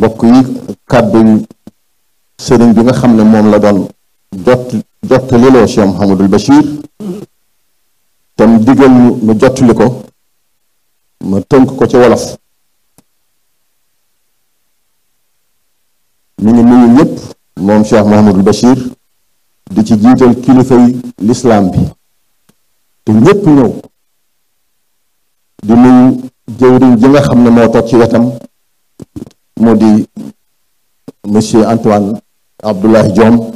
bokk yi kàddu sëriñ bi nga xam ne moom la doon jot jottaliloo Cheikh Mouhamadul Bachir tam digal ñu nu jottali ko ma tënk ko ci wolof mu ngi nuyu ñëpp moom Cheikh Mouhamadul Bachir di ci jiital kilifay lislaam bi te ñépp ñëw di nuyu jëwriñ ji nga xam ne moo toog ci wetam moo di mosieur Antoine Abdoulaye Diome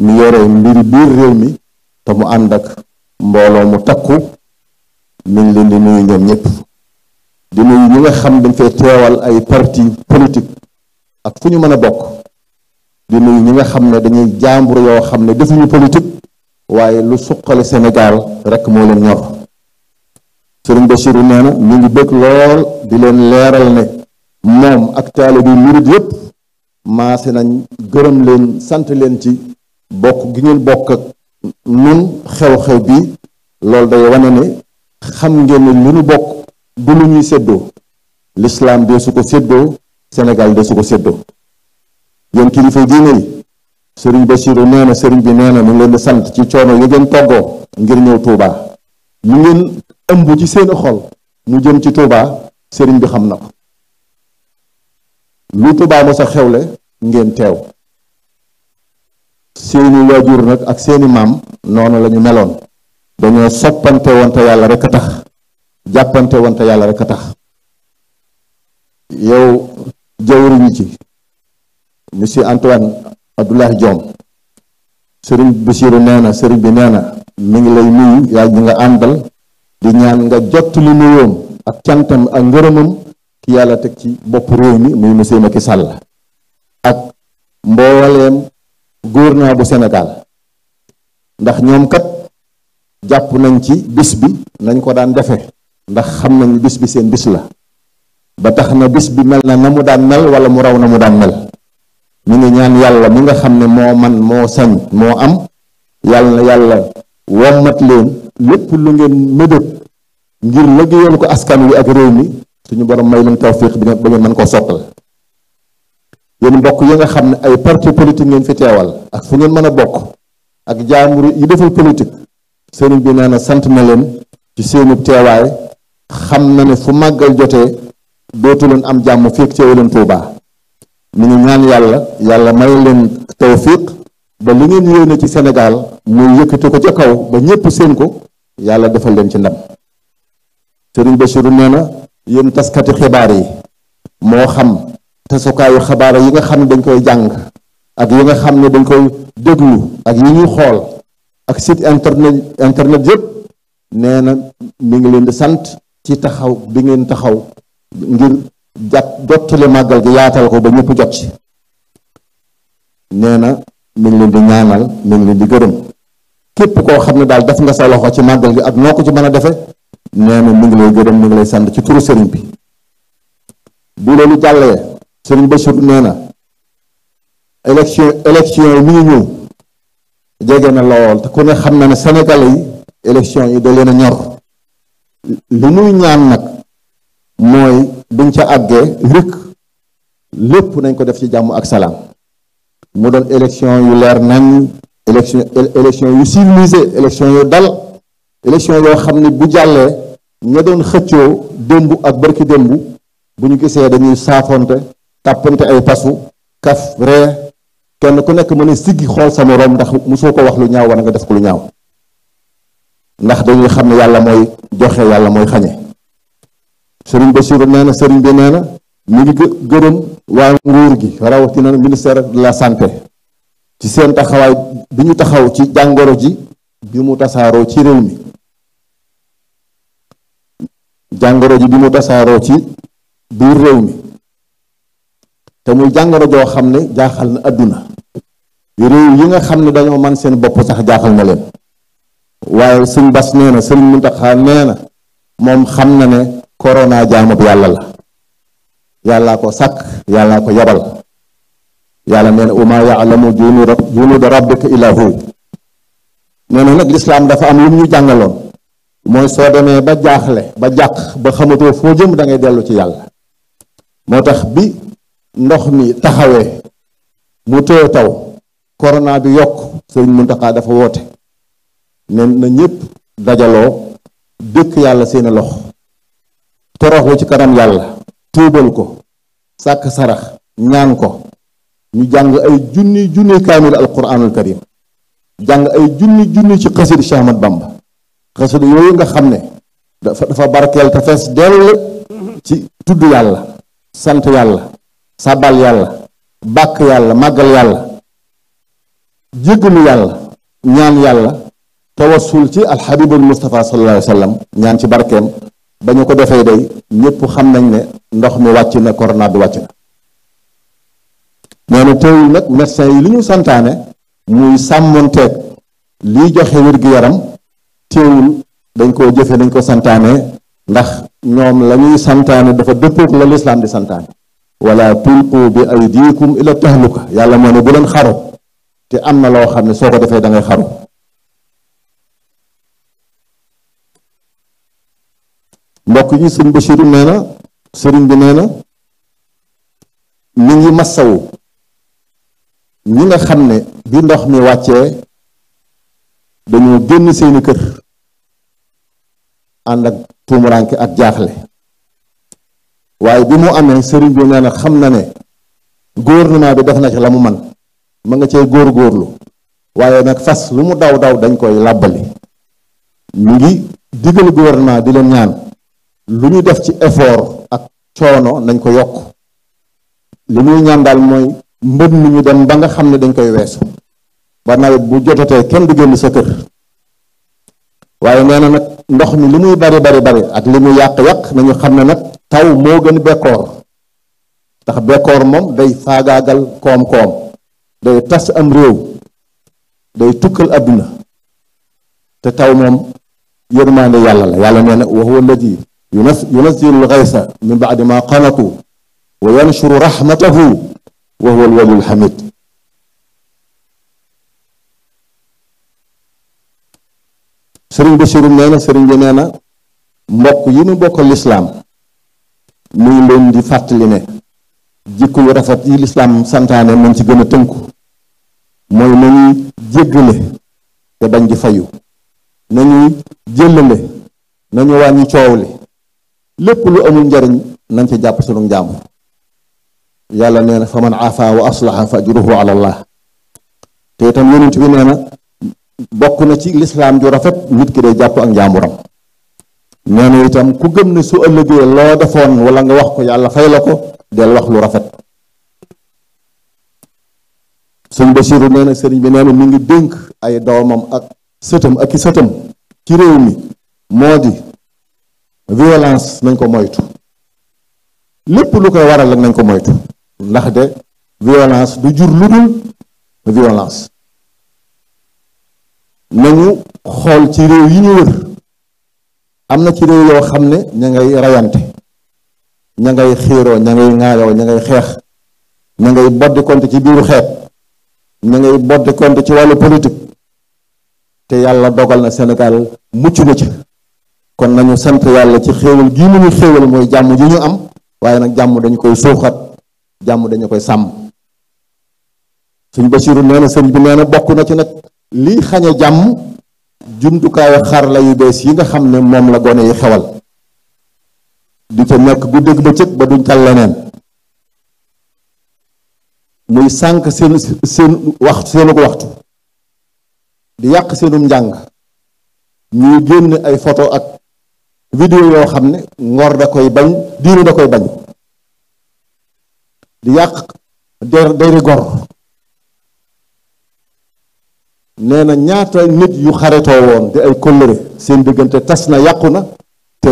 mi yore mbir biir réew mi te mu ànd ak mbooloo mu takku mi leen di nuyu ñoom ñëpp di nuyu nga xam dañ fay teewal ay parti politique ak fu ñu mën a bokk di ñi nga xam ne dañuy jaambur yoo xam ne defuñu politique waaye lu suqale Sénégal rek moo leen ñor Serigne Bassirou nee ngi bëgg lool di leen leeral ne moom ak taalibe bi murit yépp maase nañ gërëm leen sant leen ci bokk gi ngeen bokk ak nun xew-xew bi loolu day wane ne xam ngeen ne li nu bokk du lu ñuy seddoo lislaam de su ko séddoo Sénégal de su ko séddoo yéen kilifa diine yi sëriñ Basiru nee na sëriñ bi nee na mu ngi sant ci coono yi ngeen toggoo ngir ñëw Tuubaa lu ngeen ëmb ci seen xol mu jëm ci Tuubaa sëriñ bi xam na ko lu Tuubaa mos a xewle ngeen teew seeni waajur nag ak seeni maam noonu lañu meloon dañoo soppante wante yàlla rek a tax jàppante wante yàlla rek a tax yow jawriñ ci monsieur Antoine Abdoulaye Diome sëriñ Basiiru nee na sëriñ bi nee na mi ngi lay nuyu yaa ñi nga àndal di ñaan nga jot li nuyoom ak cantam ak ngërëmam ki yàlla teg ci bopp réew mi muy monsieur Macky Sall ak mbooleem gouvernement bu senegaal ndax ñoom kat jàpp nañ ci bis bi nañ ko daan defe ndax xam nañ bis bi seen bis la ba tax na bis bi mel na na mu daan mel wala mu raw na mu daan mel ñu ngi ñaan yàlla mi nga xam ne moo man moo sañ moo am yàlla na yàlla wommat leen lépp lu ngeen mébét ngir liggéeyal ko askan wi ak réew mi suñu borom may leen tawfiq bi nga ba koo sottal yéen mbokk yi nga xam ne ay parti politique ngeen fi teewal ak fu ngeen mën a bokk ak jaamur yi defal politique sëriñ bi nee na sant na leen ci seenu teewaay xam na ne fu màggal jotee dootu loon am jàmm fiig ceewu leen Tuubaa mi ngi ñaan yàlla yàlla may leen tawfiq ba li ngeen yéene ci Sénégal muy yëkkati ko ca kaw ba ñépp seen ko yàlla defal leen ci ndam sëriñ Bachirou nee na yéen taskati xibaar yi moo xam tasukaayu xabaar yi nga xam ne dañ koy jàng ak yi nga xam ne dañ koy déglu ak yi ñuy xool ak site internet internet yëpp nee na mi ngi leen di sant ci taxaw bi ngeen taxaw ngir jàpp jottali màggal gi yaatal ko ba ñëpp jot ci nee na mi ngi leen di ñaanal mi ngi leen di gërëm képp koo xam ne daal def nga sa loxo ci màggal gi ak noo ko ci mën a defe nee na mi ngi lay gërëm mi ngi lay sant ci turu sëriñ bi bu loolu jàllee sëriñ Bachir nee na élection élection yi mi ngi ñëw jege na lool te ku ne xam na ne Sénégalais yi élection yi da leen a ñor li muy ñaan nag mooy buñ ca àggee rëkk lépp nañ ko def ci jàmm ak salaam mu doon élection yu leer nañ élection élection yu civilisé élection yu dal élection yoo xam ne bu jàllee ña doon xëccoo dëmb ak barki dëmb bu ñu gisee dañuy saafonte tàppante ay pasu kaf ree kenn ku nekk mën a siggi xool sa moroom ndax mu soo ko wax lu ñaaw wala nga def ko lu ñaaw ndax dañuy xam ne yàlla mooy joxe yàlla mooy xañe sëriñ Bassirou nee na sëriñ bi nee na mu gërëm waa nguur gi rawatina ministère de la santé ci seen taxawaay bi ñu taxaw ci jàngoro ji bi mu tasaaroo ci réew mi jàngoro ji bi mu tasaaroo ci biir réew mi te muy jàngoro joo xam ne jaaxal na àdduna réew yi nga xam ne dañoo man seen bopp sax jaaxal na leen waaye sëñ Bas nee na sëñ Muntaxa nee na moom xam na ne corona jaamub yàlla la yàllaa ko sàkk yàllaa ko yabal yàlla nee na uma yaalamu junuda rabbika illaa hu nee na nag lislaam dafa am lu ñu jàngaloon mooy soo demee ba jaaxle ba jàq ba xamatoo foo jëm dangay ngay dellu ci yàlla moo tax bi ndox mi taxawee mu tooy taw corona bi yokk sëriñ Muntaxa dafa woote ne na ñépp dajaloo dëkk yàlla seeni lox toroxlu ci kanam yàlla tuubal ko sàkk sarax ñaan ko ñu jàng ay junni junni kaamil al quraanul karim jàng ay junni junni ci xasir Cheikh Ahmad xasida yooyu nga xam ne dafa dafa barkeel te fees dell ci tudd yàlla sant yàlla sabal yàlla bàkk yàlla màggal yàlla jéggalu yàlla ñaan yàlla tawassul ci alxabibul mustafa sallallahu alayhi ñaan ci barkeem ba ñu ko defee day ñëpp xam nañ ne ndox mi wàcc na corona bi wàcc na nee teewul nag médecin yi li ñu santaane muy sàmmonteeg liy joxe wér-gu-yaram teewul dañ koo jëfe dañ ko santaane ndax ñoom la ñuy santaane dafa dëppook la lislaam di santaane wala tulqu bi aydikum ila tahluka yàlla moo ne bu leen xaru te am na loo xam ne soo ko defee dangay ngay xaru mbokk yi sëñ Bachiru sëriñ bi nee na mi ngi massawu ñi nga xam ne bi ndox mi wàccee dañoo génn seeni kër ànd ak tuumuranke ak jaaxle waaye bi mu amee sëriñ bi nee na xam na ne gouvernement bi def na ci la mu man ma nga cee góor góorlu waaye nag fas lu mu daw daw dañ koy làbbali mu ngi digal gouvernement di leen ñaan lu ñu def ci effort ak coono nañ ko yokk li muy ñaan daal mooy mbënn ñu dem ba nga xam ne dañ koy weesu ba nawet bu jotatee kenn du génn sa kër waaye nee na nag ndox mi li muy bari bari bari ak li muy yàq-yàq nañu xam ne nag taw moo gën bekkoor ndax bekkoor moom day faagaagal koom-koom day tas am réew day tukkal adduna te taw moom yërmaande yàlla la yàlla nee na wa huwa alladi yunazzilu lgaysa min baadi ma qanatu wa yanshuru rahmatahu wa huwa alwaliyul hamid sëriñ Bassirou nee na sëriñ bi nee na mbokk yi nu bokk lislaam mu ngi leen di fàttali ne jikko yu rafet yi lislaam santaane nañ ci gën a tënku mooy nañuy jéggale te bañ di fayu nañuy jëllale nañu wàññi coow li lépp lu amul njariñ nañ ci jàpp sunu njaamu yàlla nee na fa man afa wa aslaha fa ajruhu ala allah te itam bi nee bokk na ci lislaam ju rafet nit ki day jàpp ak njaamuram nee itam ku gëm ne su ëllëgee loo defoon wala nga wax ko yàlla fay la ko del wax lu rafet sëñ Basiru nee na sëriñ bi nee mu ngi dénk ay doomam ak sëtam ak i sëtam ci réew mi moo di violence nañ ko moytu lépp lu koy waral nañ ko moytu ndax de violence du jur lu dul violence nañu xool ci réew yi ñu wër am na ci réew yoo xam ne ña ngay rayante ña ngay xiiroo ña ngay ŋaayoo ña ngay xeex ña ngay boddi konte ci biiru xeet ña ngay boddi konte ci wàllu politique te yàlla dogal na Sénégal mucc na ci kon nañu sant yàlla ci xéewal gii mu ñu xéewal mooy jàmm ji ñu am waaye nag jàmm dañu koy suuxat jàmm dañu koy sàmm suñ Basiru nee na sëñ bi nee bokk na ci nag lii xañ jàmm jumtukaayu xar la yu bees yi nga xam ne moom la gone yi xewal di ca nekk guddeeg bëccëg ba duñ tal leneen muy sànq seen seen waxtu seenu waxtu di yàq seenum njàng ñuy génn ay photo ak vidéo yoo xam ne ngor da koy bañ diinu da koy bañ di yàq der deri gor nee na ñaata nit yu xaretoo woon di ay kóllëre seen diggante tas na yàqu na te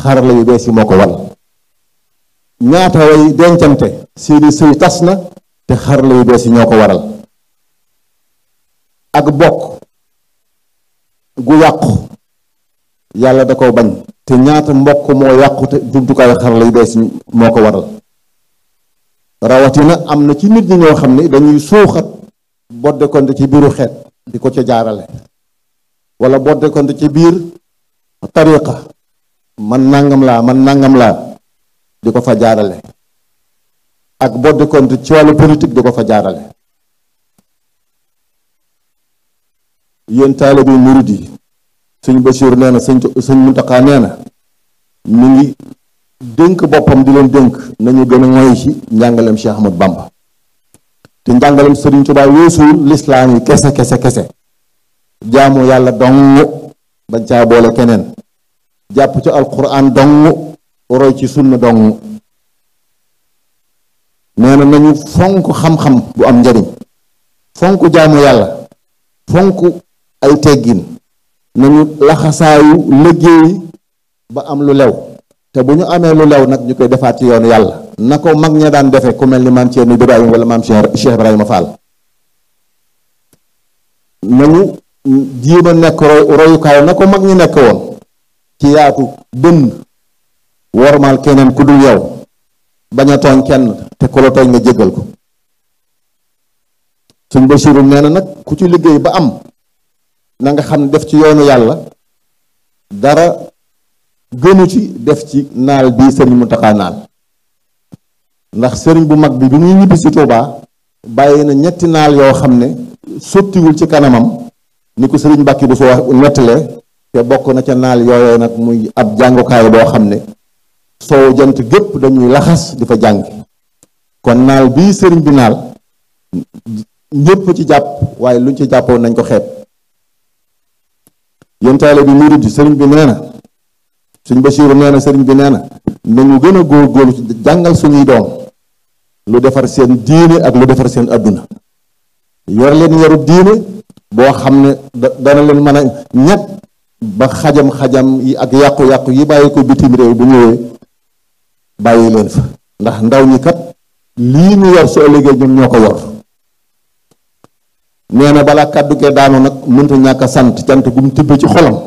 xarala yu bees yi moo ko wal ñaata way dencante seeni sëy tas na te xarala yu bees yi ñoo ko waral ak bokk gu yàqu yàlla da ko bañ te ñaata mbokk moo yàqu te jumtukaayu xarala yu bees yi moo ko waral rawatina am na ci nit ñi ñoo xam ne dañuy suuxat bodde konte ci biiru xeet di ko ci jaarale wala bodde ko ci biir tariqa man nangam laa man nangam laa di ko fa jaarale ak bodde ko ci wàllu politique di ko fa jaarale yéen taalibe yi murid yi sëñ Bachir nee na sëñ sëñ Muntaxa nee na mi ngi dénk boppam di leen dénk nañu gën a si ci njàngaleem Cheikh Ahmad Bamba te njàngaleem Serigne Touba weesuwul lislaam yi kese kese kese jaamu yàlla dong bañ caa boole keneen jàpp ci alquran dong roy ci sunna dong nee na nañu fonk xam-xam bu am njariñ fonk jaamu yàlla fonk ay teggin nañu laxasaayu liggéey ba am lu lew te bu ñu amee lu lew nag ñu koy defaat ci yoonu yàlla na ko mag ña daan defe ku mel ni maam Thierno Ibrahima wala maam Cheikh Ibrahima Fall nañu jéem a nekk royukaay na ko mag ñi nekk woon ci yaatu dënn wormaal keneen ku dul yow bañ a tooñ kenn te ku tooñ nga jéggal ko suñ Basiru nee na nag ku ci liggéey ba am na nga xam ne def ci yoonu yàlla dara gënu ci def ci naal bi Sëriñ Muntaxa naal ndax sëriñ bu mag bi bi muy ñibbi si Touba bàyyi na ñetti naal yoo xam ne sottiwul ci kanamam ni ko sëriñ Mbàkke bu soo wax nettalee te bokk na ca naal yooyee nag muy ab jàngukaay boo xam ne soow jant gépp dañuy laxas di fa jàng kon naal bii sëriñ bi naal ñépp ci jàpp waaye luñ ci jàppoon nañ ko xeeb yentaale bi murid ji sëriñ bi nee na suñ Basiiru nee na sëriñ bi nee na nañu gën a góorgóorlu ci jàngal suñuy doom lu defar seen diine ak lu defar seen adduna yor leen yaru diine boo xam ne dana leen mën a ñett ba xajam-xajam yi ak yàqu-yàqu yi bàyyi ko bitim réew bu ñëwee bàyyi leen fa ndax ndaw ñi kat lii ñu yor soo liggéey ñoom ñoo ko yor nee na balaa kàddu gee daanu nag mënta ñàkk sant cant gum tibb ci xolam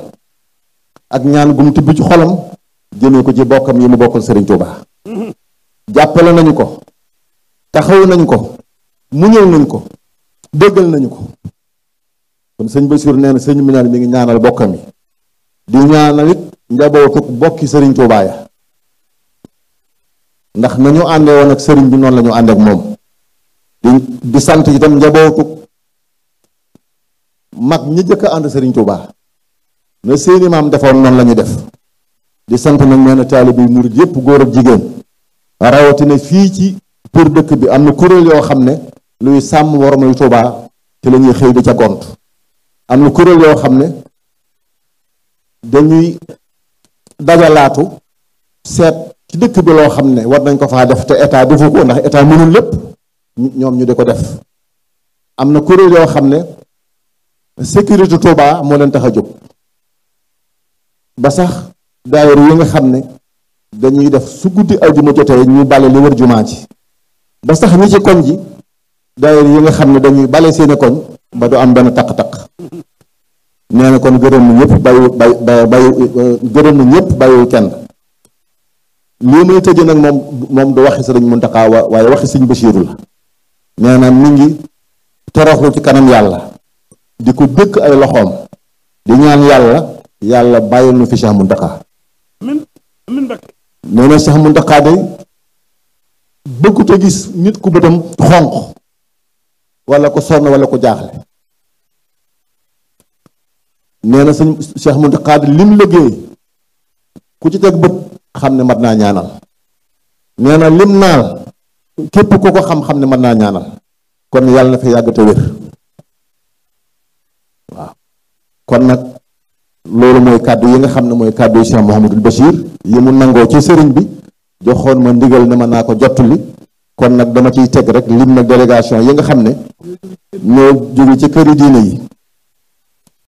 ak ñaan gum tibb ci xolam jëmee ko ci bokkam yi mu bokkal Serigne Touba mm-hmm. jàppale nañu ko taxaw nañ ko muñal nañ ko déggal nañu ko kon sëñ Bassirou nee na sëñ Mignane mi ngi ñaanal bokkam yi di ñaanal it njabootu bokki sëriñ Tuubaa ya ndax nañu àndee woon ak sëriñ bi noonu la ñu àndee moom di di sant itam njabootu mag ñi jëkk a ànd sëriñ Tuubaa na seeni maam defoon noonu la def di sant nag nee na taalibe murit yépp góor ak jigéen rawatina fii ci pour dëkk bi am na kuréel yoo xam ne luy sàmm warmay Tuuba ci la ñuy xëy di ca gont am na kuréel yoo xam ne dañuy dajalaatu seet ci dëkk bi loo xam ne war nañ ko faa def te état defu ko ndax état mënul lépp ñoom ñu di ko def am na kuréel yoo xam ne sécurité Touba moo leen tax a jóg ba sax daayira yi nga xam ne dañuy def su guddi ajuma jotee ñu bale li wër jumaa ci ba sax ñi ci koñ ji daayira yi nga xam ne dañuy bale seeni koñ ba du am benn taq-taq nee na kon gërëm na ñëpp bàyyi bàyyi bàyyi euh, gërëm na ñëpp bàyyiwul kenn lii muy tëje nag moom moom du waxi sëriñ Muntaxa waaye waxi sëriñ Basiiru la nee mi ngi toroxlu ci kanam yàlla di ko dëkk ay loxoom di ñaan yàlla yàlla bàyyil nu fi Cheikh Muntaxa nee sax Cheikh Muntaxa bëggut a gis nit ku bëtam xonq walla ko sonn walla ko jaaxle nee na sëñ Cheikh Mountakha Qadir lim liggéey ku ci teg bët xam ne mat naa ñaanal nee na lim naal képp ku ko xam-xam ne mat naa ñaanal kon yàlla na fi yàgg te wér waaw kon nag loolu mooy kàddu yi nga xam ne mooy kàddu Cheikh Mouhamadul Bachir yi mu nangoo ci sëriñ bi joxoon ma ndigal ne ma naa ko jotuli kon nag dama ciy teg rek lim na délégation yi nga xam ne ñoo jóge ci këri diine yi